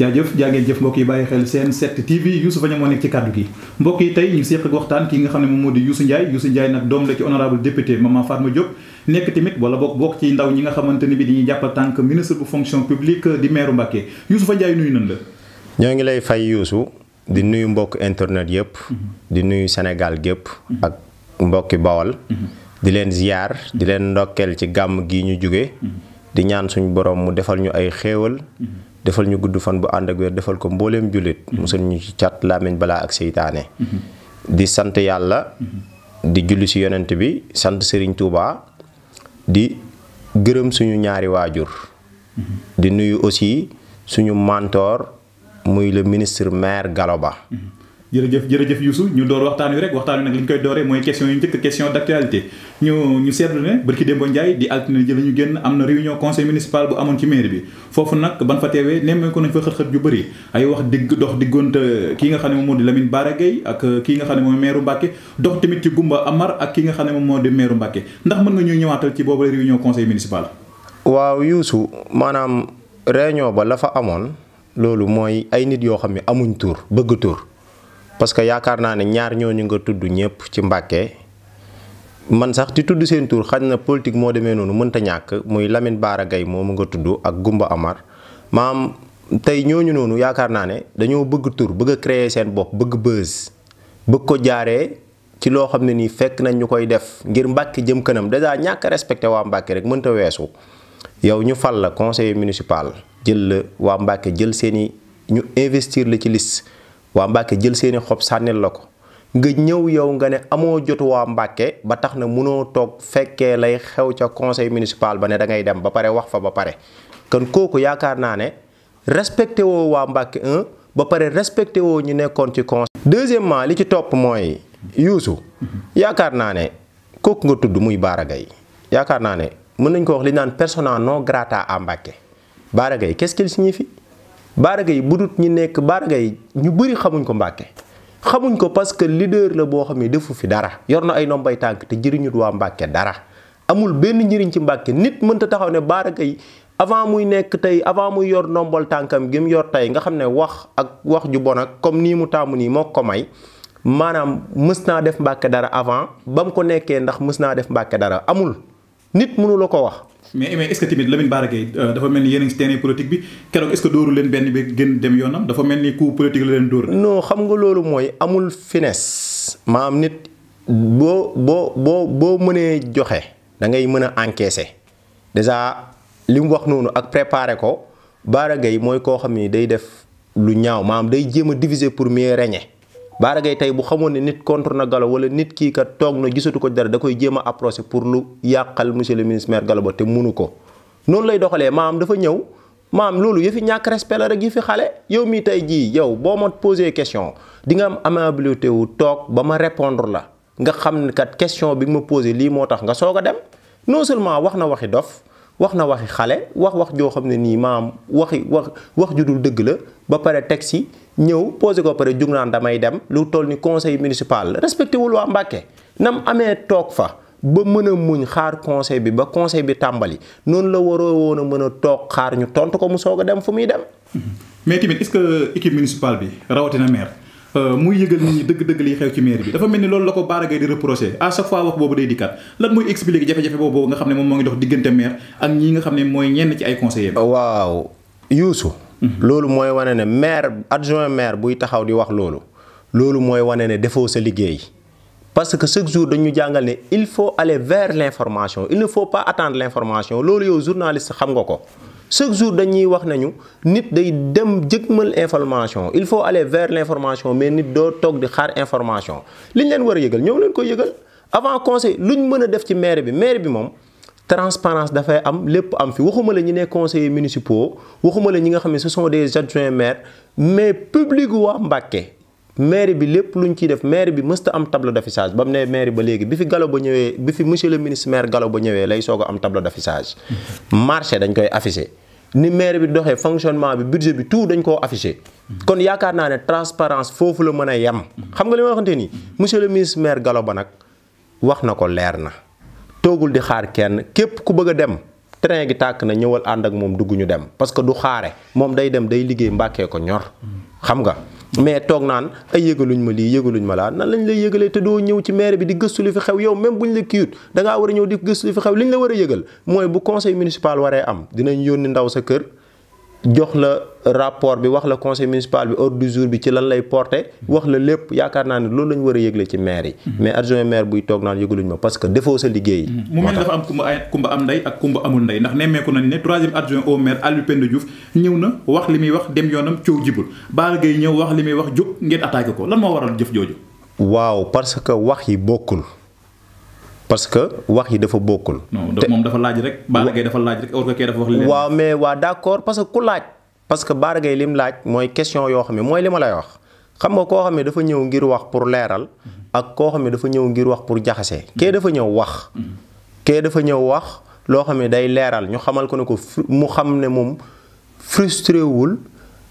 jaajëf jaa ngeen jëf mbokk yi bàyyi xel seen 7 TV Youssoufa Niang moo nekk ci kaddu gi mbokk yi tey ñu seq waxtaan ki nga xam ne moom moo di Youssou Ndiaye Youssou Ndiaye nag doom la ci honorable député Mame ma Diop nekk tamit wala bokk bokk ci ndaw ñi nga xamante ni bi dañuy jàppal tànk ministre bu fonction publique di maire Mbacké fa Ndiaye nuyu nan la ñoo ngi lay fay Youssou di nuyu mbokk internet yëpp mhm. di nuyu senegal gépp mhm. ak mbokki bawal mhm. di leen ziyaar di leen ndokkeel ci gàmm gi ñu jóge di ñaan suñu borom mu defal ñu ay xéewal defal ñu gudd fan bu ànd ak wér defal ko mbooleem jullit mhm. musal ñu ci cat làmmiñ balaa ak seytaane mhm. di sant yàlla mhm. di julli ci yonent bi sant Serigne Touba di gërëm suñu ñaari waajur di nuyu aussi suñu mentor muy le ministre maire Galoba jërëjëf jërëjëf Youssou ñu door waxtaan wi rek waxtaan wi nag li ñu koy dooree mooy question yu njëkk question d' actualité ñu ñu seetlu ne barki Demba Ndiaye di altine ji la génn am na réunion conseil municipal bu amoon bi foofu nag ban fa teewee nemmeeku nañ fa xët wax digg dox diggoonte kii nga xam ne moom moo di Lamine Bara Gueye ak kii nga xam ne mooy maire Mbacké dox tamit ci Goumba Amar ak kii nga xam ne moom moo di maire Mbacké ndax mën nga ñuy ñëwaatal ci boobu réunion conseil municipal waaw Youssou maanaam réunion ba la fa amoon loolu mooy ay nit yoo xam ne amuñ tur bëgg tur parce que yaakaar naa ne ñaar ñooñu nga tudd ñëpp ci Mbàkke man sax di tudd seen tur xam na politique moo demee noonu mënta ñàkk muy Lamine Bara Gaye moomu nga tudd ak Gumba Amar maam tey ñooñu noonu yaakaar naa ne dañoo bëgg tur bëgg a créer seen bopp bëgg buzz bëgg ko jaaree ci loo xam ne nii fekk nañ ñu koy def ngir Mbàkke jëm kanam dèjà ñàkk respecté waa Mbàkke rek mënta weesu yow ñu fal la conseiller municipal jël la waa Mbàkke jël seeni ñu investir la ci liste waa Mbàkke jël seeni xob sànnil la ko nga ñëw yow nga ne amoo jotu waa Mbàkke ba tax na mënoo toog fekkee lay xew ca conseil municipal ba ne da ngay dem ba pare wax fa ba pare kon kooku yaakaar naa ne respecté woo waa Mbàkke un ba pare respecté woo ñu nekkoon ci conseil deuxièmement li ci topp mooy yuusu yaakaar naa ne kooku nga tudd muy Bara yi yaakaar naa ne mën nañ ko wax li naan persona non grata à Mbàkke Bara Gaye qu'est-ce qu'il signifie Bara yi bu dut ñi nekk Bara Gaye ñu bëri xamuñ ko Mbàkke xamuñ ko parce que leader la boo xam ne defu fi dara yor na ay ndombay tànk te jëriñut waa Mbàkke dara amul benn njëriñ ci Mbàkke nit mënta taxaw ne Bara yi avant muy nekk tey avant muy yor ndombal tànkam gi mu yor tey nga xam ne wax ak wax ju bon ak comme nii mu tàmm nii moo ko may maanaam mës naa def Mbàkke dara avant ba mu ko nekkee ndax mës naa def Mbàkke dara amul nit mënu ko wax mais mais est-ce que tamit Lamine Bara euh, dafa mel ni yéen a ngi si bi keroog est-ce que dóoru leen benn bi gën dem yoonam dafa mel ni coup politique la leen dóor. non xam nga loolu mooy amul finesse maam nit boo boo boo boo mënee joxe da ngay mën a encaisser déjà li wax noonu ak préparer ko Bara Gaye mooy koo xam ni day def lu ñaaw maam day jéem a diviser pour mieux régner. Bara Gaye tey bu xamoon ne nit contre na Gallo wala nit kii kat toog na gisatu ko dara da koy jéem a approché pour lu yàqal monsieur le ministre maire Gallo Ba te munu ko noonu lay doxalee maam dafa ñëw maam loolu yëfi ñàkk respect la rek yëfi xale yow mii tey jii yow boo ma posé question di nga am amabilité wu toog ba ma répondre la nga xam ne kat question bi nga ma posé lii moo tax nga soog a dem non seulement wax na waxi dof wax na waxi xale wax wax joo xam ne nii maam waxi wax wax ju dëgg la ba pare teg si ñëw posé ko pare jug naan damay dem lu toll ni conseil municipal respecté wul waa Mbàkke nam amee toog fa ba mën a muñ xaar conseil bi ba conseil bi tàmbali noonu la waroo woon a mën a toog xaar ñu tontu ko mu soog a dem fu muy dem. Mhm. mais tamit est-ce que équipe municipale bi rawatina maire euh, muy yëgal nit ñi dëgg-dëgg liy xew ci maire bi dafa mel ni loolu la ko Bara Gaye di reproché à chaque fois wax boobu day dikkaat lan mooy expliquer jafe-jafe boobu nga xam ne moom moo ngi dox diggante maire ak nga xam ne mooy ñenn ci ay conseillers. waaw Youssou loolu mooy wane ne maire adjoint maire buy taxaw di wax loolu loolu mooy wane ne defoo sa liggéey parce que chaque jour dañu jàngal ne il faut aller vers l'information il ne faut pas attendre l'information loolu yow journaliste xam nga ko chaque jour dañuy wax nañu nit day dem jëgmal information il faut aller vers l'information mais nit doo toog di xaar information liñ leen war a yëgal ñëw leen ko yëgal avant conseil ñu mën a def ci maire bi maire bi moom transparence dafay am lépp am fi waxuma la ñi ne conseillers municipaux waxuma la ñi nga xam ne ce sont des adjoints maires mais public waa Mbàkke maire bi lépp luñ ciy def maire bi mësta am tableau d'affichage ba mu ne maire ba léegi bi fi Gallo Ba ñëwee bi fi monsieur le ministre maire Gallo Ba ñëwee lay soog a am tableau d'affichage marché dañ koy affiché ni maire bi doxee fonctionnement bi budget bi tout dañ koo affiché kon yaakaar naa ne transparence foofu la mën a yem xam nga li ma waxante ni monsieur le ministre maire Gallo wax na ko leer na toogul di xaar kenn képp ku bëgg dem train gi tàkk na ñëwal ànd ak moom dugg ñu dem parce que du xaare moom day dem day liggéey mbàkkee ko ñor xam nga mais toog naan ay yëgaluñ ma lii yëgaluñ ma laa nan lañu lay yëgalee te doo ñëw ci maire bi di gëstu li fi xew yow même buñ la kiiwut da war a ñëw di gëstu li fi xew liñ la war a yëgal mooy bu conseil municipal waree am dinañ yónni ndaw sa kër jox la rapport bi wax la conseil municipal bi ordre du jour bi ci lan lay porté wax la lépp yaakaar naa ne loolu lañu war a yëgle ci maire yi. Mhm. mais adjoint maire buy toog naan yëguluñ ma parce que defoo sa liggéey. Mhm. mu mel dafa am kumba ay kumba am ndey ak kumba amul ndey ndax na nañ ne troisième adjoint au maire Aliou Penda Diouf ñëw na wax li muy wax dem yoonam coow jibul Bara Gaye ñëw wax li muy wax jóg ngeen attaqué ko lan moo waral jëf jooju. waaw parce que wax yi bokkul. parce que wax yi dafa bokkul. moom dafa laaj rek. Balla Gaye dafa laaj rek or kay dafa wax. waaw mais waa d'accord parce que ku laaj. parce que Balla Gaye lim laaj mooy question yoo xam ne mooy li lay wax xam nga koo xam ne dafa ñëw ngir wax pour leeral. ak koo xam ne dafa ñëw ngir wax pour jaxase. kee dafa ñëw wax. kee dafa ñëw wax loo xam ne day leeral ñu xamal ko ne ko mu xam ne moom frustré wul.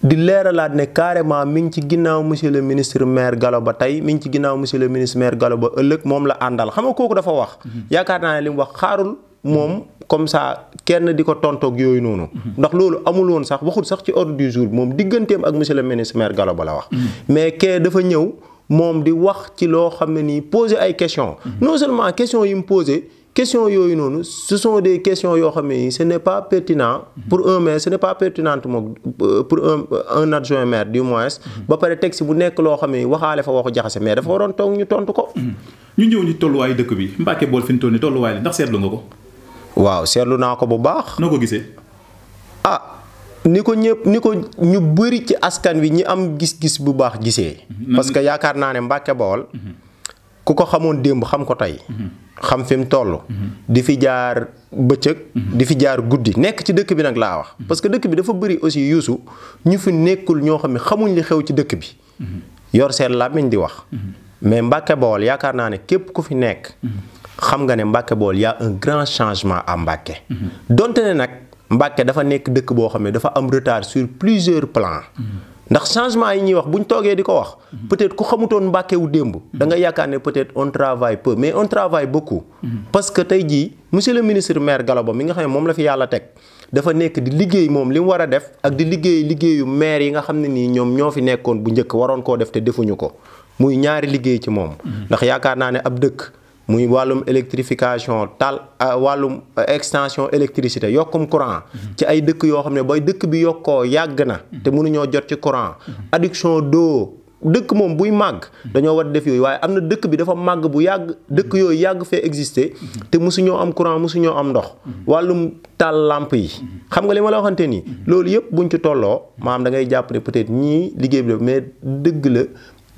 di leeralaat ne carrément mi ngi ci ginnaaw monsieur le ministre maire galo Ba tey mi ngi ci ginnaaw monsieur le ministre maire Gallo Ba ëllëg moom la àndal xam nga kooku dafa wax. yaakaar naa ne li mu wax xaarul moom comme ça kenn di ko tontoog yooyu noonu. ndax loolu amul woon sax waxul sax ci ordre du jour moom digganteem ak monsieur le ministre maire Gallo Ba la wax. mais kee dafa ñëw moom di wax ci loo xam ne nii poser ay questions. non seulement question yi mu posé. question yooyu noonu su soo des question yoo xam ne ce n'est pas pertinent pour un maire ce n'est pas pertinent moom euh, pour un euh, un adjoint maire du moins ba pare texte bu nekk loo xam ne waxaale fa waxu jaxase mais dafa waroon toog ñu tontu ko ñu ñëw ni tolluwaayu dëkk bi Mbacké Baol fi ñu toll ni tolluwaay li ndax seetlu nga ko waaw seetlu naa ko bu baax noo ko gisee ah ni ko ñëpp ni ko ñu bëri ci askan wi ñi am gis-gis bu baax gisee mm-hmm. parce que yaakaar naa ne Mbacké Baol mm-hmm. ku ko xamoon démb xam ko tey mm-hmm. xam fi mu toll. di fi jaar bëccëg. di fi jaar guddi nekk ci dëkk bi nag laa wax. parce que dëkk bi dafa bëri aussi yuusu ñu fi nekkul ñoo xam ne xamuñ li xew ci dëkk bi. yor seen làmmiñ di wax. mais Mbàkke Bawol yaakaar naa ne képp ku fi nekk. xam nga ne Mbàkke Bawol y a un grand changement à Mbàkke. donte ne nag Mbàkke dafa nekk dëkk boo xam ne dafa am retard sur plusieurs plans. ndax changement yi ñuy wax bu ñu toogee di ko wax peut-être ku xamutoon mbàkkewu démb da nga yaakaar ne peut-être on travaille peu mais on travaille beaucoup parce que tey jii monsieur le ministre maire Gallo Ba mi nga xam ne moom la fi yàlla teg dafa nekk di liggéey moom li mu war a def ak di liggéey liggéeyu maire yi nga xam ne nii ñoom ñoo fi nekkoon bu njëkk waroon koo def te defuñu ko muy ñaari liggéey ci moom ndax yaakaar naa ne ab dëkk muy wàllum électrification tal wàllum extension électricité yokkum courant mhm. ci ay dëkk yoo xam ne ba dëkk bi yokkoo yàgg na mhm. te mënuñoo jot ci courant mhm. adduction d'eau dëkk moom buy màgg dañoo war def yooyu waaye am na dëkk bi dafa màgg bu yàgg dëkk yooyu yàgg fee existe te mosuñoo am courant mosuñoo am ndox wàllum taal làmp yi xam nga li ma la waxante nii loolu yëpp buñ ci tolloo maam da ngay jàpp ne être ñii liggéey bi mais dëgg la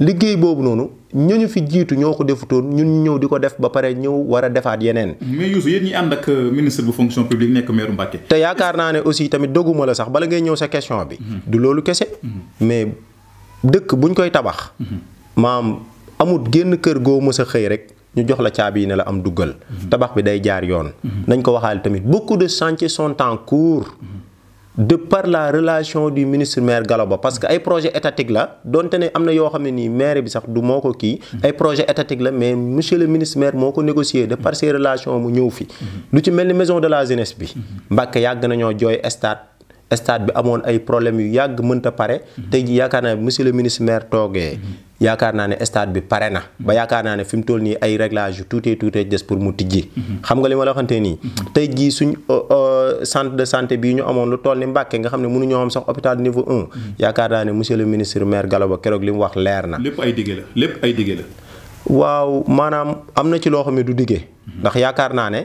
liggéey boobu noonu ñooñu fi jiitu ñoo ko defutoon ñun ñëw di ko def ba pare ñëw war a defaat yeneen. mais Youssou yéen ñi ànd ak euh, ministre bu nekk maire Mbacké. te yaakaar naa ne aussi tamit dogguma la sax bala ngay ñëw sa question bi. Mhm. du loolu kese. Mhm. mais dëkk buñ koy tabax. Mhm. maam amut génn kër goo mës a xëy rek. ñu jox la caabi yi ne la am duggal. tabax bi day jaar yoon. nañ ko waxaale tamit beaucoup de chantiers sont de par la relation du ministre maire Gallo Ba parce que ay projet étatique la donte ne am na yoo xam ne nii maire bi sax du moo ko kii ay projet étatique la mais monsieur le ministre maire moo ko négocié de par ses mu ñëw fi lu ci mel ni maison de la jeunesse bi Mbàkke yàgg nañoo jooy stade stade bi amoon ay problèmes yu yàgg mënta pare tey ji yaakaar naa monsieur le ministre maire toogee yaakaar naa ne stade bi pare na ba yaakaar naa ne fi mu toll nii ay réglage yu tuutee tuutee des pour mu tijji xam nga li ma la waxante nii tey jii suñ euh, euh, centre de santé bii ñu amoon lu tool ni Mbàkke nga xam ne mënu ñoo am sax hôpital niveau un yaakaar naa ne monsieur le ministre maire Gallo Ba keroog li mu wax leer na lépp ay digge la lépp ay digge waaw maanaam am na ci loo xam ne du digge ndax yaakaar naa ne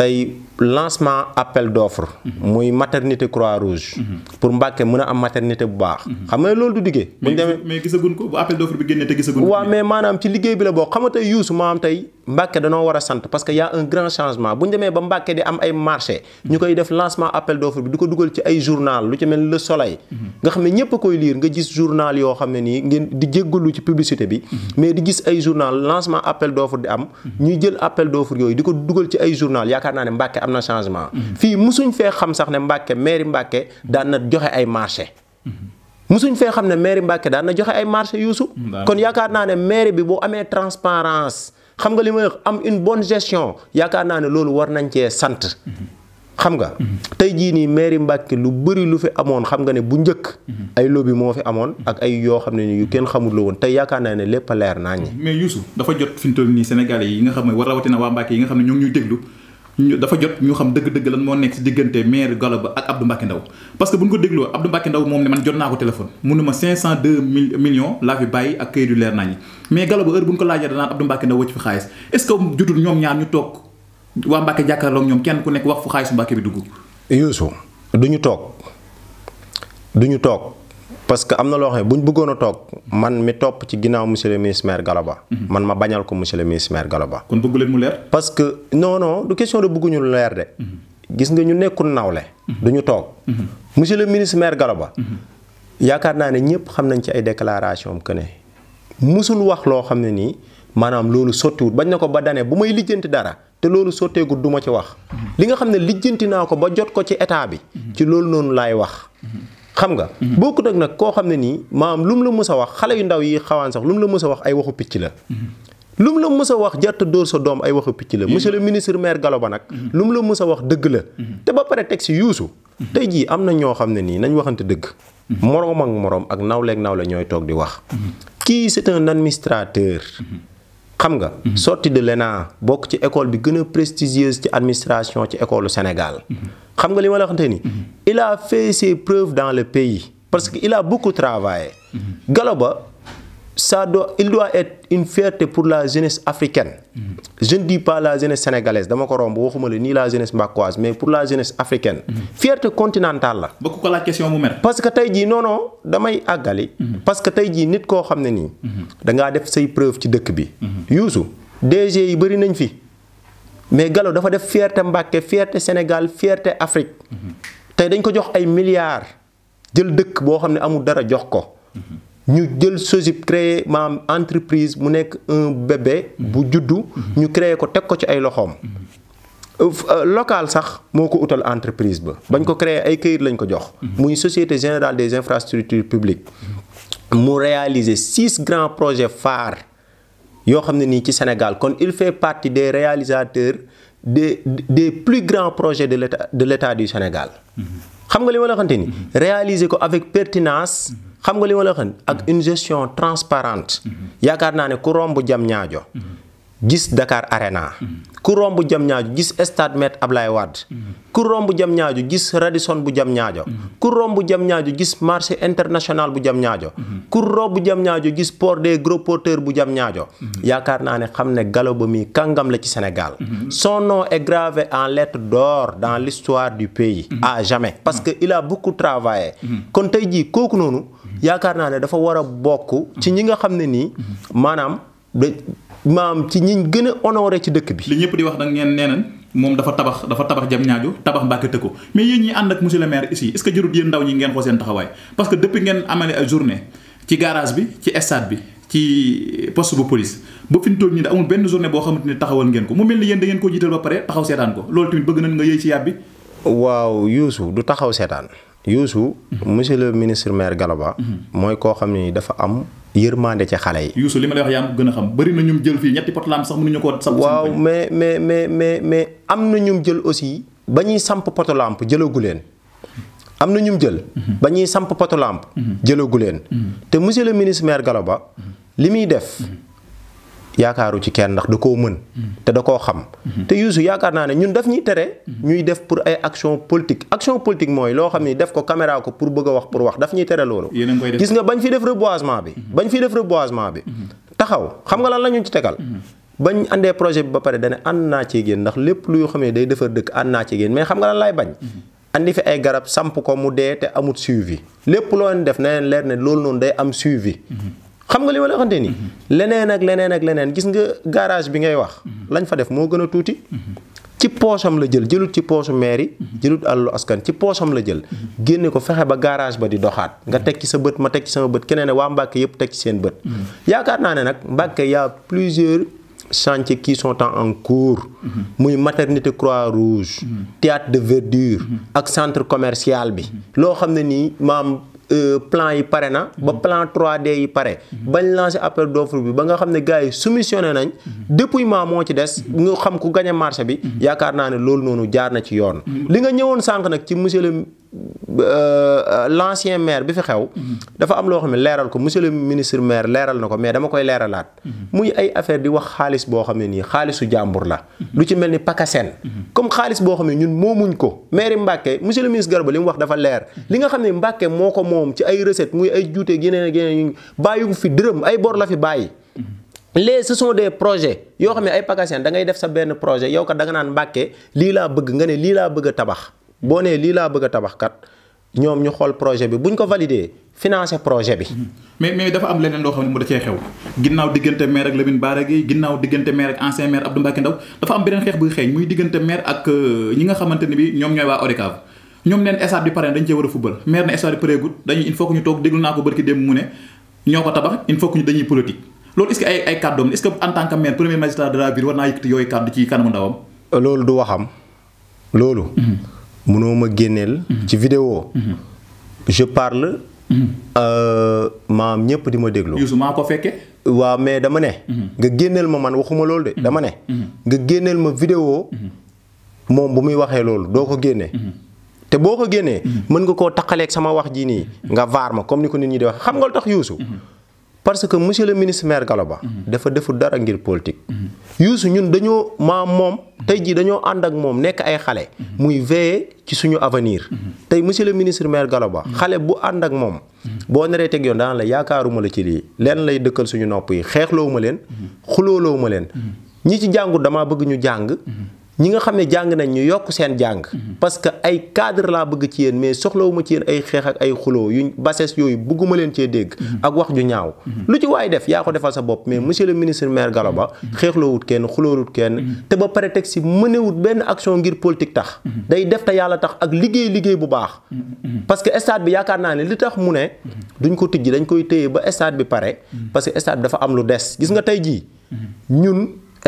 tey lancement appel d'offre mhm. muy maternité croix rouge mhm. pour Mbàkke mën a am maternité bu baax mhm. xam nga loolu du liggéey bu ñu demee mais gisaguñ ko bu appel d'offre bi génnee te gisaguñ ko waaw mais maanaam ci liggéey bi la boo xam nga tey yuusu tey Mbàkke danoo war a sant parce que y a un grand changement bu ñu ba Mbàkke di am ay marché ñu koy def lancement appel d'offre bi di ko dugal ci ay journal lu ci mel Le Soleil nga xam ne ñëpp a koy lire nga gis yoo xam ne nii ngeen di jéggalu ci publicité bi mais di gis ay journal lancement appel d'offre di am ñuy jël appel d'offre yooyu di ko am na changement. fii musuñ fee xam sax ne Mbacke mairie Mbacke daan na joxe ay marché. musuñ fee xam ne mairie Mbacke daan na joxe ay marché yuusu kon yaakaar naa ne mairie bi boo amee transparence xam nga li may am une bonne gestion yaakaar naa ne loolu war nañ cee sant. xam nga tey jii nii mairie Mbacke lu bëri lu fi amoon xam nga ne bu njëkk ay lobby moo fi amoon ak ay yoo xam ne ni yu kenn xamul la woon tey yaakaar naa ne lépp a leer naa ñi mais Youssou dafa jot fi nii Sénégalais yi nga xam ne war rawatina waa Mbacke yi nga xam ne ñoo ñuy déglu ñu dafa jot ñu xam dëgg-dëgg lan moo nekk si diggante maire Gallo Ba ak Abdou Mbacké Ndaw parce que bu ñu ko dégloo Abdou Mbacké Ndaw moom ne man jot naa ko téléphone mu ne ma 502 mille millions laa fi bàyyi ak këyit yu leer naññi mais Gallo Ba heure bu ñu ko laajee danaan Abdou Mbacké Ndaw wëcc fi xaalis est-ce ñoom ñaar ñu toog waa Mbacké jàkkaarloog ñoom kenn ku nekk wax fu xaalis Mbacké bi dugg. Youssou duñu toog duñu toog parce que am na loo xam ne bu ñu bëggoon a toog man mi topp ci ginnaaw monsieur le ministre maire mhm. man ma bañal ko monsieur le ministre maire Galaba. kon bëggu leen mu leer. parce que non non du question de bëgguñu leer de. Mhm. gis nga ñu nekkul nawle. Mhm. du ñu toog. monsieur le ministre maire yaakaar naa ne ñëpp xam nañ ci ay déclaration am que ne musul wax loo xam ne nii maanaam loolu sottiwut bañ na ko ba danee bu may lijjanti dara. te loolu sotteegul du ma ci wax. li nga xam ne lijjanti naa ko ba jot ko ci état bi. ci loolu noonu laay wax. xam nga. Mhm. bokk nag nag koo xam ne nii maam lu mu la mës a wax xale yu ndaw yi xawaan sax lu mu la mës a wax ay waxu picc la. Mhm. lu mu la mës a wax jarta dóor sa doom ay waxu picc la. Mhm. monsieur le ministre maire Gallo nag. lu mu la mës a wax dëgg la. te ba pare teg si yuusu. tey jii am na ñoo xam ne nii nañ waxante dëgg. moroom ak moroom ak nawleeg nawle ñooy toog di wax. kii c'est un administrateur. xam nga. sorti de l'ENA bokk ci école bi gën a prestigieuse ci administration ci école Sénégal. xam nga li ma la waxante ni. il a fait ses preuves dans le pays parce que il a beaucoup travaillé. Galoba ça doit il doit et une fierté pour la jeunesse africaine. je du dis pas la jeunesse dama ko romb waxuma la nii la jeunesse mbackoise mais pour la jeunesse africaine. fierté continentale la. bëgg ko la question mu mel. parce que tey ji non damay àggali. parce que tey jii nit koo xam ne nii. da ngaa def say preuve ci dëkk bi. Mhm. Youssou DG yi bëri nañ fi. mais Gallo dafa def fierte Mbàkke fierté Sénégal fierté Afrique tey dañ ko jox ay milliards jël dëkk boo xam ne amul dara jox ko ñu jël SOGIP créer maam entreprise mu nekk un bébé bu juddu ñu créer ko teg ko ci ay loxoom euh, local sax moo ko utal entreprise ba bañ ko créer ay këyit lañ ko jox muy société général des infrastructures publiques mu réaliser six grands projets phares yoo xam ne nii ci Sénégal kon il fait partie des réalisateurs de des plus grands projets de l'état de l'état du Sénégal. xam nga li ma la xamante ni. réaliser ko avec pertinance xam nga li ma la ak une gestion transparente yaakaar naa ne ku romb jam ñaajo. gis Dakar Arena ku bu jam ñaaju gis stade Me Abdoulaye Wade ku romb jam ñaaju gis Radisson bu jam ñaajo ku romb jam ñaaju gis marché international bu jam ñaajo ku romb jam ñaajo gis port de gros porteurs bu jam ñaajo yaakaar naa ne xam ne Gallo Ba mi kàngam la ci Sénégal son nom est gravé en lettres d'or dans l'histoire du pays à jamais parce que il a beaucoup travaillé kon tey jii kooku noonu yaakaar naa ne dafa war a bokk ci ñi nga xam ne nii maanaam maam ci ñi gën a honoré ci dëkk bi. li ñëpp di wax nag ngeen neenaan moom dafa tabax dafa tabax jam ñaaju tabax Mbàkke tëkko mais yéen ñi ànd ak monsieur le maire ici est-ce que jarut yéen ndaw ñi ngeen xoo seen taxawaay parce que bi ci stade bi ci bu police ba fi ñu toll nii da amul benn journée boo xamante ne taxawal ngeen ko mu mel ni yéen da ngeen ko jiital ba pare taxaw seetaan ko loolu tamit bëgg nañ nga yëy ci yàbbi. waaw Youssou du taxaw seetaan Youssou. Mhm. monsieur le ministre maire Galaba. Mhm. mooy koo xam ne dafa am yërmande ci xale yi. Youssou li ma lay wax yaa ma gën a xam bëri na ñum jël fii ñetti pot lampe sax mënuñu ko. samp waaw mais mais mais mais am na ñum jël aussi. ba ñuy samp poto lampe jëlagu leen. am na ñum jël. ba ñuy samp poto lampe. Mhm. Mhm. te monsieur le ministre maire Gallo Ba li muy def. Mhm. yaakaaru ci kenn ndax da koo mën te da koo xam mhm. te Youssou yaakaar naa ne ñun daf ñuy tere mhm. ñuy def pour ay action politique action politique mooy loo xam ni def ko caméra ko pour bëgg wax pour wax daf ñuy tere loolu gis nga bañ fi def reboisement bi mhm. bañ fi def reboisement bi taxaw xam nga lan la ñu ci tegal bañ àndee projet bi ba pare dane ànd naa ci génn ndax lépp luy xam ne day defar dëkk ànd ci génn mais xam nga lan laay bañ andi fi ay garab samp ko mu dee te amut suivi lépp loo def na leen leer ne loolu noonu day am suivi xam nga li ma la waxante leneen ak leneen ak leneen gis nga garage bi ngay wax lañ fa def moo gën a tuuti ci poosam la jël jëlut ci poosu mairie jëlut àllu askan ci poosam la jël génne ko fexe ba garage ba di doxaat nga teg ci sa bët ma teg ci sama bët keneen ne waa Mbàkke yëpp teg ci seen bët yaakaar naa ne nag Mbàkke y'a plusieurs chantiers qui temps en cours muy maternité Croix-Rouge théâtre de verdure ak centre commercial bi loo xam ne nii maam Euh, plan yi pare na ba mm-hmm. plan 3D yi pare mm-hmm. bañ lancé appel d'offre bi ba nga xam ne gars yi soumissionné nañ mm-hmm. dépouillement moo ci des ñu xam ku gañ a bi yaakaar naa ne loolu noonu jaar na ci yoon li nga ñëwoon sànq nag ci monsieur Euh, euh, l'ancien maire bi fi xew. Mm-hmm. dafa am loo xam ne leeral ko monsieur ministre maire leeral na ko mais dama koy leeralaat. Mm-hmm. muy ay affaire di wax xaalis boo xam ne nii xaalisu jàmbur la. Mm-hmm. lu ci mel ni pakaseen. comme xaalis boo xam ne ñun moomuñ ko. maire Mbacke monsieur le ministre Garba li mu wax dafa leer. li nga xam ne Mbacke moo ko moom ci ay recettes muy ay juute yeneen ak yeneen bàyyi fi dërëm ay bor la fi bàyyi. les sa sont dee projet yoo xam ne ay pakaseen da ngay def sa benn projet yow kat da naan Mbacke lii laa bëgg nga ne lii laa bëgg a tabax. boo nee lii laa bëgg a tabax kat ñoom ñu xool projet bi buñ ko validé finance projet bi. Mm-hmm. mais mais dafa am leneen loo xam ne mu da cee xew ginnaaw diggante maire ak Lamine Bara Gueye ginnaaw diggante maire ak ancien maire Abdou Mbacké Ndaw dafa ak euh, ñi nga xamante ne bi ñoom ñooy waa ODCAV ñoom neen stade bi pare dañ cee war a fubal maire ne stade bi pareegul dañuy il faut que ñu toog naa ko barki démb mu ne ñoo ko tabax il faut que ñu dañuy loolu ay ay kàddoom est-ce que en tant que maire premier magistrat de la ville war naa yëkkati loolu. mënoo ma génneel. Mhm. ci vidéo mhm. je parle. Mhm. Euh, maam ñëpp di ma déglu. Youssou maa ko fekkee. waaw mais dama ne. nga génneel ma man waxuma loolu de. dama ne. nga génneel ma vidéo. moom bu muy waxee loolu doo ko génne. te boo ko génnee. mën nga koo taqaleeg sama wax ji nii. nga vaar ma comme ni ko nit ñi di wax xam nga lu tax Youssou. parce que monsieur le ministre maire Gallo Ba mhm. dafa deful dara ngir politique. Mhm. Youssou ñun dañoo ma moom mhm. tey jii dañoo ànd ak moom nekk ay xale. muy veiller ci suñu avenir. tey monsieur le ministre maire Gallo Ba xale bu ànd ak moom. boo neree teg yoon daan yaakaaruma la ci lii leen lay dëkkal suñu nopp yi xeexloo ma leen. xulooloo ma leen. ñi ci jàngut damaa bëgg ñu jàng. ñi nga xam ne jàng nañ ñu yokk seen jàng. parce que ay cadre laa bëgg ci yéen mais soxlawuma ci yéen ay xeex ak ay xuloo yu bases yooyu bëgguma leen cee dégg. Mm-hmm. ak wax ju ñaaw. Mm-hmm. lu ci waaye def yaa ko defal sa bopp mais monsieur le ministre maire Gallo Ba. Mm-hmm. xeexloowut kenn xuloowut kenn. te ba pare prétexte mënewut benn action ngir politique tax. day def te yàlla tax ak liggéey liggéey bu baax. parce que stade bi yaakaar naa ne li tax mu ne. duñ ko tijji dañ koy téye ba stade bi pare. parce que stade bi am lu des gis nga tey jii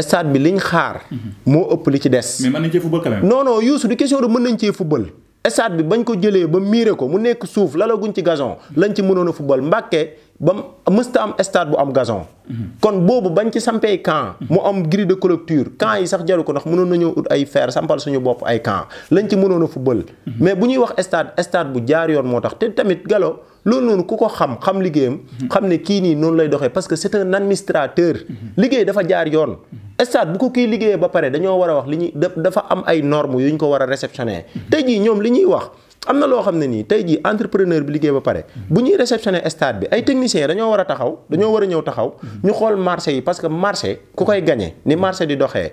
stade bi liñ xaar. Mhm. moo ëpp li ci des. mais mën nañ cee football quand même. mën nañ cee football. stade bi bañ ko jëlee ba miire ko mu nekk suuf lalaguñ ci gason lañ ci mënoon a football Mbàkke ba mësta am stade bu am gason mhm. kon boobu bañ ci sampee camp. Mhm. mu am grille de clôture camp yi sax jaru ko ndax mënoon nañoo ut ay fer sampal suñu bopp ay camp lañ ci mënoon a mais bu ñuy wax stade stade bu jaar yoon moo tax te tamit galo loolu noonu ku ko xam xam liggéeyam. Mhm. xam ne kii nii noonu lay doxee parce que c'est un administrateur. Mhm. liggéey dafa jaar yoon. Mhm. stade bu ko kii liggéeyee ba pare dañoo war a wax li ñuy dafa am ay norme yu ñu ko war a réceptionné tey jii ñoom li ñuy wax. am na loo xam ne nii tey jii entrepreneur bi liggéey ba pare bu ñuy réceptionné stade bi ay techniciens dañoo war a taxaw dañoo war a ñëw taxaw ñu xool marché yi parce que marché ku koy gañe ni marché di doxee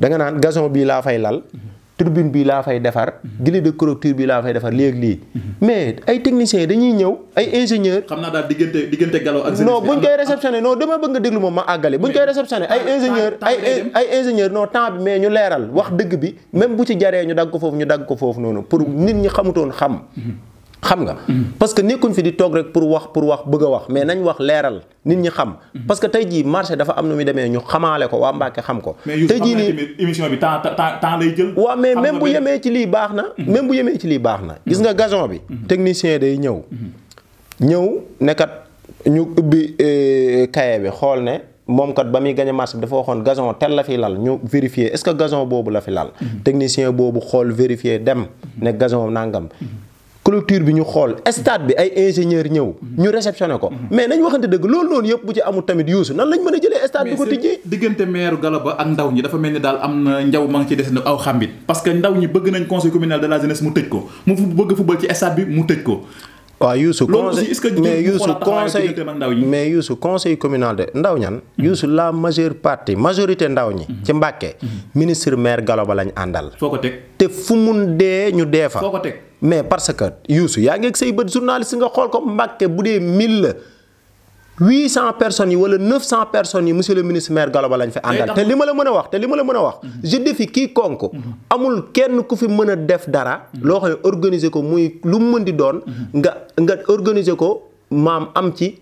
danga naan gazon bii laa fay lal turbine bi laa fay defar mhm. grille de correcture bi laa fay defar léegi lii mhm. mais ay techniciens dañuy ñëw ay ingénieur xam naa daal diggante diggante galaw ak non buñ koy réceptionné non dama bëgg nga déglu moom ma àggale buñ koy réceptionné ay ingénieurs ay ay ingénieurs temps bi mais ñu leeral wax dëgg bi même bu ci jaree ñu dagg ko foofu ñu dagg ko foofu noonu pour mhm. nit ñi xamutoon xam xam nga parce que nekkuñ fi di toog rek pour wax pour wax bëgg wax mais nañ wax leeral nit ñi xam parce que tey jii marché dafa am nu muy demee ñu xamaale ko waa Mbàkke xam ko tey jii nii émission bi temps temps lay jël waaw mais même bu yemee ci lii baax na mm-hmm. même bu yemee ci lii baax na gis nga gazon bi mm-hmm. technicien day ñëw mm-hmm. ñëw nekkat ñu ubbi kaye euh, bi xool ne moom kat ba muy gañe marché bi dafa waxoon gazon tel la fi lal ñu vérifier est-ce que gazon boobu la fi lal technicien boobu xool vérifier dem ne gazon nangam clôture bi ñu xool stade bi ay ingénieur ñëw ñu réceptionné ko mhm. mais nañ waxante dëgg lool lool yëpp bu ci amul tamit yuusu nan lañ mën a jëlee stade bi ko tijjee diggante maire Galaba ak ndaw ñi dafa mel ni daal am na njaw ma ngi ci des na aw xambit parce que ndaw ñi bëgg nañ conseil communal de la jeunesse mu tëj ko mu bëgg football ci stade bi mu tëj ko waaw Youssou conseil mais Youssou conseil mais Youssou conseil communal de ndaw ñan. Hmm. Youssou la majeure partie majorité ndaw ñi. Hmm. ci Mbàkke. Hmm. ministre maire Gallo Ba lañ àndal. foo ko teg te fu mun dee ñu dee fa. mais parce que Youssou yaa ngi ak say bët si nga xool ko Mbàkke bu dee mille la. huit cent personnes yi wala neuf cent personnes yi monsieur le ministre maire Gallo Ba lañ fi àndal te li ma la mën a wax te li ma la mën a wax mhm. je défie quiconque mhm. amul kenn ku fi mën a def dara mhm. loo xam ne organiser ko muy lu mu mën di doon nga nga organiser ko maam am ci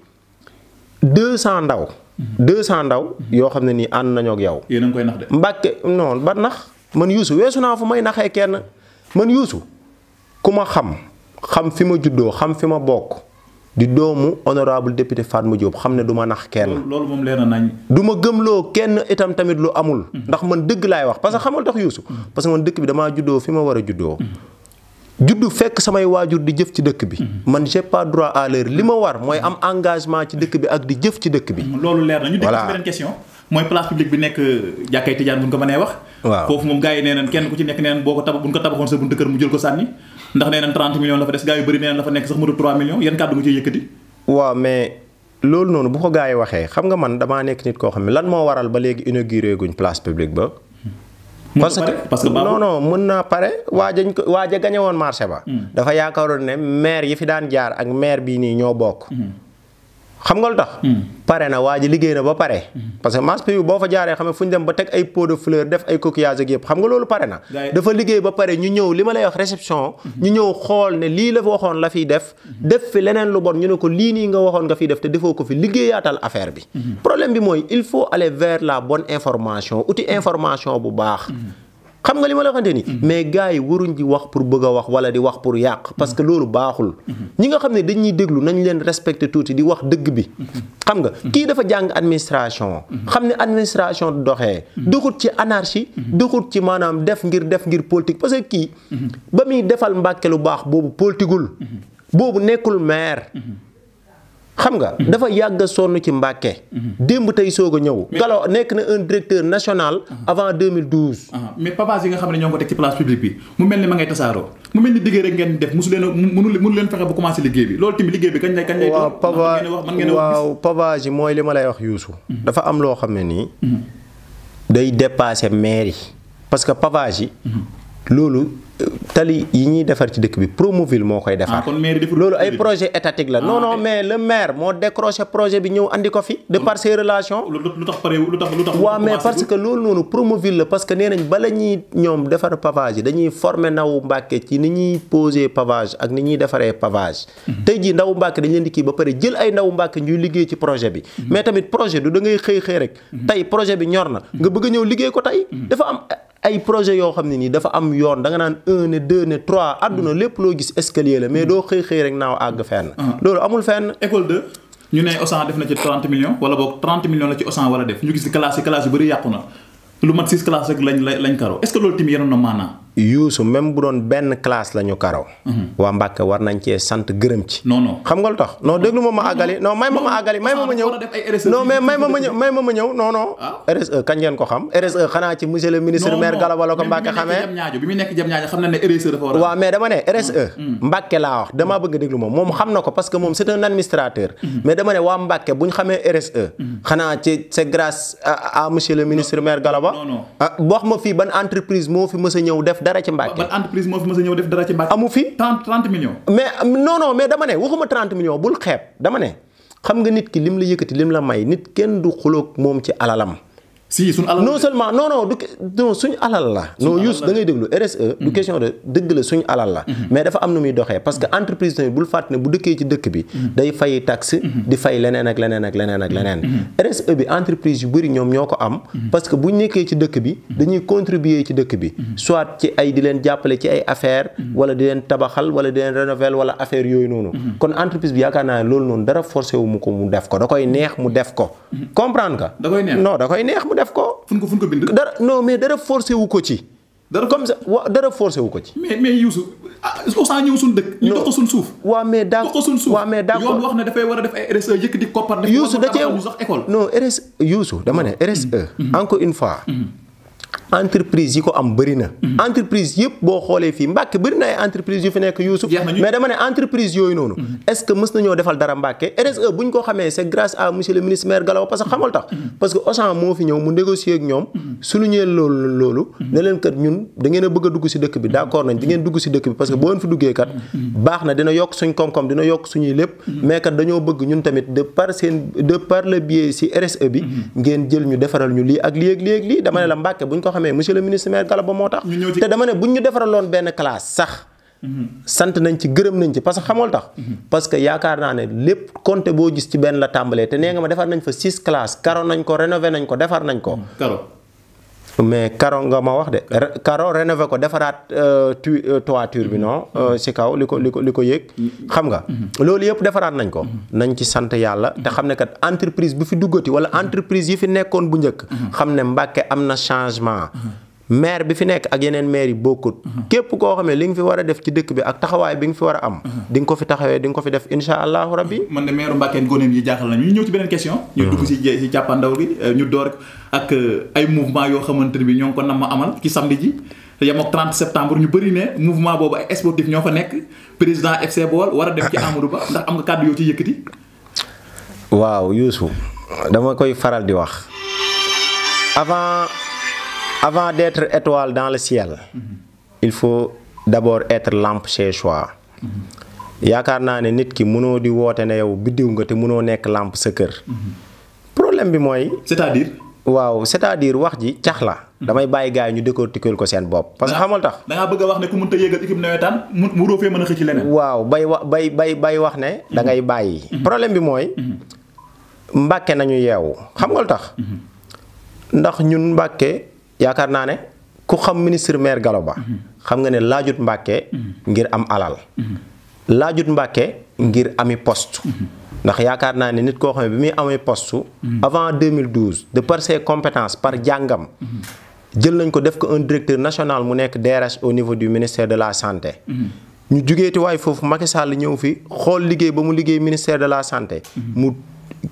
deux cent ndaw deux cent ndaw yoo xam ne nii ànd nañook yow yéen a koy nax de Mbàkke ba nax man Youssou weesu naa fu may naxee kenn man Youssou ku ma xam xam fi ma juddoo xam fi ma bokk di doomu honorable député Fatma Diop xam ne duma nax kenn. loolu moom leer nañ. du ma gëmloo kenn itam tamit lu amul. Mm-hmm. ndax man dëgg lay wax parce que xamal tax Youssou. Mm-hmm. parce que man dëkk bi damaa juddoo fi ma war a juddoo. Mm-hmm. juddu fekk samay waajur di jëf ci dëkk bi. man j'ai pas droit à l'heure li ma war mooy am engagement ci dëkk bi ak di jëf ci dëkk bi. loolu leer na ñu dégg beneen question. mooy place publique bi nekk euh, jàkkay Tijaan bu ñu ko mënee wax. waaw foofu moom gars yi nee nañ kenn mu jël ko sànni ndax nee nañ 30 millions la fa des gars yu bëri nee nañ nekk sax mu 3 millions yan kàddu nga ciy yëkkati. waaw mais loolu noonu bu ko gaa yi waxee xam nga man damaa nekk nit koo xam ne lan moo waral ba léegi inauguré guñ place publique ba. parce que parce que non non mën naa pare waa jañ ko waa ja gañe woon marché ba. Hmm. dafa yaakaaroon ne maire yi fi daan jaar ak maire bii nii ñoo bokk. Hmm. xam nga lu tax. Hmm. pare na waa ji liggéey na ba pare. Hmm. parce que masse prix boo fa jaaree xam ne fu ñu dem ba teg ay pot de fleur def ay coquillage ak yëpp xam nga loolu pare na. dafa liggéey ba pare ñu ñëw li ma lay wax réception. Hmm. ñu ñëw xool ne lii la waxoon la fiy def. def fi leneen lu bon ñu ne ko lii nii nga waxoon nga fiy def te defoo ko fi liggéeyaatal affaire bi. problème bi mooy il faut aller vers la bon information outil information bu baax. xam nga li ma la waxante ni. Mm-hmm. mais gars yi waruñ di wax pour bëgg a wax wala di wax pour yàq parce que mm-hmm. loolu baaxul. Mm-hmm. ñi nga xam ne dañuy déglu nañ leen respecté tuuti di wax dëgg bi. xam nga kii dafa jàng administration. xam ne administration doxee. doxut ci anarchie. doxut ci maanaam def ngir def ngir politique parce que kii. ba muy defal mbàkke lu baax boobu politikul. boobu nekkul maire. xam nga mhm. dafa yàgg a sonn ci Mbàkke mhm. démb tey soog a ñëw Galo nekk na un directeur national mhm. avant 2012 ah, mais papa yi nga xam ne ñoo ngi ko teg ci place publique bi mu mel ni ma ngay tasaaroo mu mel ni liggéey rek ngeen def musu leen mënu mënu leen fexe ba commencé liggéey bi loolu tamit liggéey bi kañ lay kañ lay waaw papa waaw papa yi mooy li ma lay wax Youssou dafa am loo xam ne nii day dépasser mairie parce que papa yi loolu tali yi ñuy defar ci dëkk bi Promoville moo koy defar ah, loolu ay projet étatique la ah, non non mais le maire moo décroché projet bi ñëw andi ko fi de par ses relations lu parce que loolu noonu Promoville la parce que nee nañ bala ñuy ñoom defar pavage yi dañuy former ndawu Mbàkke ci ni ñuy poser pavage ak ni ñuy defaree pavage mhm. tey jii ndawu Mbàkke dañ leen kii ba pare jël ay ndawu Mbàkke ñuy liggéey ci projet bi mhm. mais tamit projet du dangay ngay xëy xëy rek mhm. tey projet bi ñor na nga bëgg ñëw liggéey ko tey dafa am ay projet yoo xam ne nii dafa am yoon da nga naan un ne deux ne trois àdduna hmm. lépp loo gis escalier la mais hmm. doo xëy xëy rek naaw àgg fenn. Hmm. loolu amul fenn. école de ñu ne Auchan def na ci 30 millions wala boog 30 millions la ci Auchan war a def ñu gis classe yi classe yu bëri yàqu na lu mat six classes rek lañ lañ karo est loolu tamit yenoon na maanaam. yuusu même bu doon benn classe la ñu karaw. Mhm. waa Mbàkke war nañ cee sant gërëm ci. xam nga lu tax non déglu ma ma àggali non may ma ma àggali may ma ma ñëw. non ah? RSE kañ ngeen ko xam RSE xanaa ci monsieur le e a. waaw e. mm, mm. mm-hmm. e, mm-hmm. ministre maire Galaba. non non ah, fii ban entreprise moo fi mës a ñëw def dara ci Mbàkke. moo fi mës ñëw def dara ci amu fi 30 millions. mais euh, non non mais dama ne waxuma 30 millions bul xeeb dama ne xam nga nit ki lim la yëkkati lim la may nit kenn du xuloog moom ci alalam. si suñu alal non seulement alal la. non yus da ngay déglu RSE. du mm-hmm. question de dëgg la suñu alal la. Mm-hmm. mais dafa am nu muy doxee parce que entreprise tamit bul fàtte ne bu dëkkee ci dëkk bi. Mm-hmm. day fay taxe. di fay leneen ak leneen ak leneen ak leneen. RSE bi entreprise yu bëri ñoom ñoo ko am. parce que bu ñu nekkee ci dëkk bi dañuy contribuer ci dëkk bi. soit ci ay di leen jàppale ci ay affaires. wala di leen tabaxal wala di leen rénover wala affaire yooyu noonu. kon entreprise bi yaakaar naa ne loolu noonu dara forcé wu ko mu def ko da koy neex mu def ko. comprendre nga. da da koy neex mu def def ko. fu ko fu ko bind. dara non mais dara forcé wu ko ci. dara comme ça wa dara forcé wu ko ci. mais mais Youssou ah Ousseyn ñëw suñu dëkk. ñu dox ko suuf. waa mais daa ko suñu suuf waaw mais daa ko yoon wax ne dafay war a def ay RSE yëkkati koppar. def ko sax école Youssou da cee non RSE Youssou dama ne oh. RSE. Mm-hmm. Mm-hmm. encore une fois. Mm-hmm. entreprise yi ko am bëri mhm. entreprise yëpp boo xoolee fii Mbàkke bëri ay entreprise yu fi nekk Youssouf. mais dama ne entreprise yooyu noonu. Mhm. est ce que mës defal dara Mbàkke RSE bu ko xamee c' est grâce à le ministre maire Galawa parce que xamal tax. Mhm. parce que Auchan moo fi ñëw mu négocier ñoom. suñu ñëwee loolu loolu. ne ñun da bëgg dugg si dëkk bi d' nañ da ngeen dugg si dëkk bi parce que boo leen fi duggee baax na dina yokk amee monsieur le ministre maire Gallo Ba moo tax. te dama ne buñ ñu defaraloon benn classe sax. sant nañ ci gërëm nañ ci parce que xamul tax. parce que yaakaar naa ne lépp compte boo gis ci benn la tàmbalee te nee nga ma defar nañ fa six classes karo nañ ko rénover nañ ko defar nañ ko. mais karo nga ma wax de karo rénové ko defaraat euh, tu euh, toiture bi non si mm-hmm. euh, kaw li ko li ko li ko yëg mm-hmm. xam nga mm-hmm. loolu yëpp defaraat nañ ko nañ ci sant yàlla te xam ne kat entreprise bu fi duggati wala entreprise yi fi nekkoon bu njëkk xam ne Mbàkke am na changement maire bi fi nekk ak yeneen maire yi bokkut. képp koo xam ne li nga fi war a def ci dëkk bi ak taxawaay bi nga fi war a am. di nga ko fi taxawee di nga ko fi def insha allahu rabbi. man de maire Mbacke Ngonem yi jaaxal nañu ñu ñëw ci beneen question. ñu hmm. dugg si si jàppandaw euh, ñu door ak euh, ay mouvement yoo xamante ne bi ñoo ngi ko nam ma amal ci samedi ji. yam ak septembre ñu bëri ne mouvement boobu ay sportif ñoo fa nekk président FC Baol war a def ci Amadou Ba ndax am nga kàddu yoo ci yëkkati. waaw Youssou dama koy faral di wax avant d'être étoile dans le ciel il faut d'abord être lampe chez soi yaakaar naa ne nit ki mënoo di woote ne yow biddiw nga te mënoo nekk lamp sa kër problème bi mooy cest waaw c'est-à-dire wax ji cax la damay bàyyi gars yi ñu décortiquer ko seen bopp parce que xamal tax da bëgg a wax ne ku mënta yéegal équipe nawetaan mu waroo fee waaw bay bay bay bay wax ne da ngay bàyyi problème bi mooy mbàkke nañu yeewu xam nga lu tax mhm. ndax ñun mbàkke yaakaar naa ne ku xam ministre maire Gallo Ba mhm. xam nga ne laajut Mbàkke mhm. ngir am alal mhm. laajut Mbàkke ngir ami poste ndax yaakaar naa ne nit koo xam ne bi muy amee poste avant 2012 de par compétence par jàngam jël nañ ko def ko un directeur national mu nekk DRH au niveau du ministère de la santé ñu jugeeti waaye foofu Macky Sall ñëw fi xool liggéey ba mu liggéey ministère de la santé mu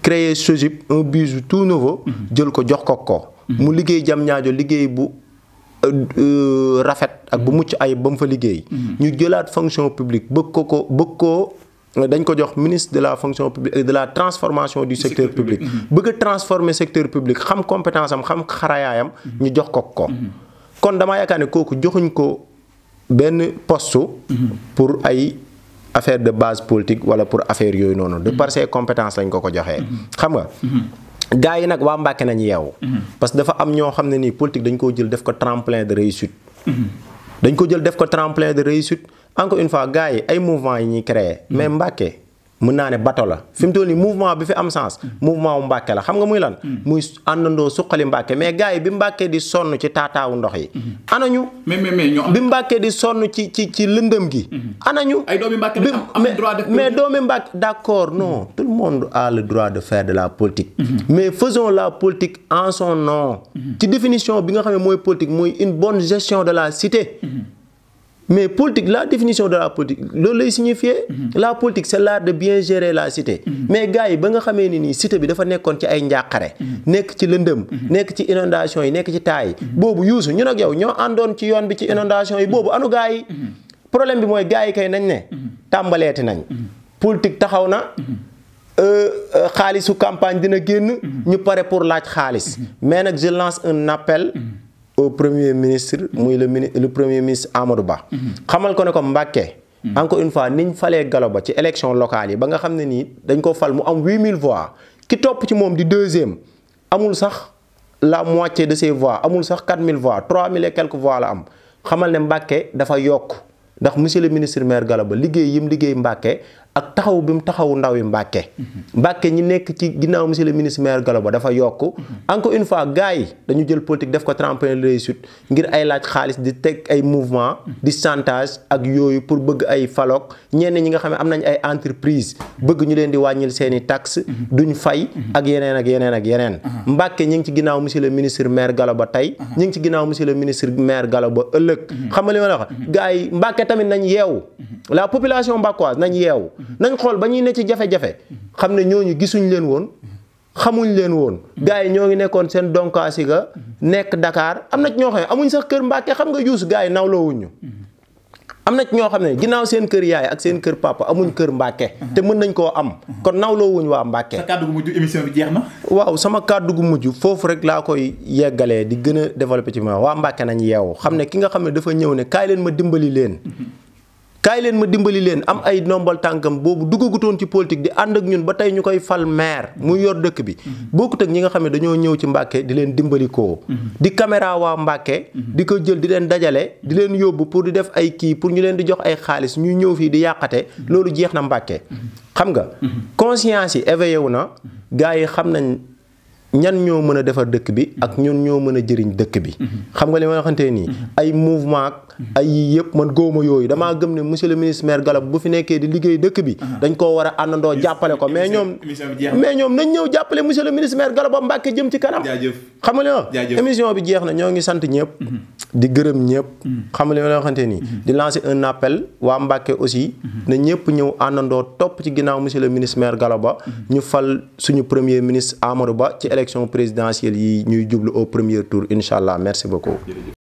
créer SOGIP un budget tout nouveau jël ko jox ko ko mu liggéey jam ñaajo liggéey bu euh, euh, rafet ak bu mucc ay ba mu fa liggéey mm-hmm. ñu jëlaat fonction publique bëgg ko ko bëgg ko dañ ko jox ministre de la fonction publique et de la transformation du secteur public bëgg a transformer secteur public xam compétence am xam xarayaayam mm-hmm. ñu jox ko ko mm-hmm. kon dama yaakaar ne kooku joxuñ ko benn postu pour ay affaire de base politique wala pour affaire yooyu noonu de par ses lañ ko ko joxee xam nga gaa yi nag waa Mbàkke nañ yeewu. Mhm. parce que dafa am ñoo xam ne nii politique dañ koo jël def ko tremplin de réussite. Mhm. dañ ko jël def ko tremplin de réussite encore une fois gaa yi ay mouvement yi ñuy créer mhm. mais Mbàkke mën naa ne bato la fi mu toll nii mouvement bi fi am sens mouvement wu Mbàkke la xam nga muy lan muy àndandoo suqali Mbàkke mais gars yi bi Mbàkke di sonn ci taataawu ndox yi mhm. anañu bi Mbàkke di sonn ci ci ci lëndëm gi mhm. anañu ay doomi Mbàkke am mais doomi Mbàkke d'accord non mhm. tout le monde a droit de faire de la politique mais faisons la politique en son no ci définition bi nga xam ne mooy politique mooy une bonne gestion de la cité mais politique la définition de la politique loolu lay signifier mhm. la politique c'est l'art de bien gérer la cité mhm. mais gars yi ba nga xamee ni nii cité bi dafa nekkoon ci ay njàqare mhm. nekk ci lëndëm nekk ci inondation yi nekk ci taa yi boobu yuusu ñun ak yow ñoo àndoon ci yoon bi ci inondation yi boobu anu gars yi problème bi mooy gars yi kay nañ ne tàmbaleeti nañ politique taxaw na euh, euh, xaalisu campagne dina génn ñu pare pour laaj xaalis mais na je lance un appel au premier ministre muy le mini le premier ministre Amadou Ba xamal ko ne ko Mbàkke encore une fois niñ falee Gallo Ba ci élection locale yi ba nga xam ne nii dañ ko fal mu am 8000 voix ki topp ci moom di deuxième amul sax la moitié de ses voix amul sax mille voix 3000 et quelques voix la am xamal ne Mbàkke dafa yokk ndax monsieur le ministre maire Gallo Ba liggéey yim liggéey Mbàkke ak taxaw bi mu taxawu ndaw yi Mbàkke Mbàkke ñi nekk ci ginnaaw monsieur le ministre maire Gallo Ba dafa yokk encore une fois gars yi dañu jël politique def ko tremplin de réussite ngir ay laaj xaalis di teg ay mouvement di chantage ak yooyu pour bëgg ay faloog ñenn ñi nga xam ne am nañ ay entreprise bëgg ñu leen di wàññil seen i taxe duñ fay ak yeneen ak yeneen ak yeneen Mbàkke ñi ngi ci ginnaaw monsieur le ministre maire Gallo Ba tey ñi ngi ci ginnaaw monsieur le ministre maire Gallo Ba ëllëg xam nga li ma la wax gars yi Mbàkke tamit nañ yeewu la population mbackoise nañ yeew nañ xool ba ñuy nekk ci jafe-jafe xam ne ñooñu gisuñu leen woon xamuñ leen woon gars yi ñoo ngi nekkoon seen donkaasi ga nekk dakaar am na ci ñoo xam ne sax kër Mbàkke xam nga yuus gars yi nawloowuñu am na ñoo xam ne ginnaaw seen kër yaay ak seen kër papa amuñ kër Mbàkke te mën nañ koo am kon nawloowuñ waa Mbàkke sa kàddu gu mujj émission bi jeex na waaw sama kàddu gu mujj foofu rek laa koy yeggalee di gën a développé ci ma waa Mbàkke nañ yeewu xam ne ki nga xam ne dafa ñëw ne kaay leen ma dimbali leen kaay leen ma dimbali leen am ay ndombal tànkam boobu duggagutoon ci politique di ànd ak ñun ba tey ñu koy fal maire mu yor dëkk bi mhm. bokkut ak ñi nga xam ne dañoo ñëw ci Mbàkke di leen dimbali koo mhm. di caméra waa Mbàkke mhm. di ko jël di leen dajale di leen yóbbu pour di def ay kii pour ñu leen di jox ay xaalis ñuy ñëw fii di yàqate loolu jeex na Mbàkke xam nga conscience yi éveillé wu na gars yi xam nañ ñan ñoo mën a defar dëkk bi ak ñun ñoo mën a jëriñ dëkk bi nga li ma ay mouvement ay yii yëpp man góoma yooyu damaa mm-hmm. gëm ne monsieur le ministre maire Galab bu fi nekkee di liggéey dëkk bi uh-huh. dañ koo war àndandoo jàppale ko mais ñoom mais ñoom nañ ñëw jàppale monsieur le ministre maire Galab ba Mbàkke jëm ci kanam xam nga émission bi jeex na ñoo ngi sant ñëpp mm-hmm. di gërëm ñëpp mm-hmm. xam nga li ma xamante nii di lancer un appel waa Mbàkke aussi na ñëpp ñëw àndandoo topp ci ginnaaw monsieur le ministre maire Galab ba ñu fal suñu premier ministre Amadou Ba ci élection présidentielle yi ñuy jublu au premier tour incha allah merci beaucoup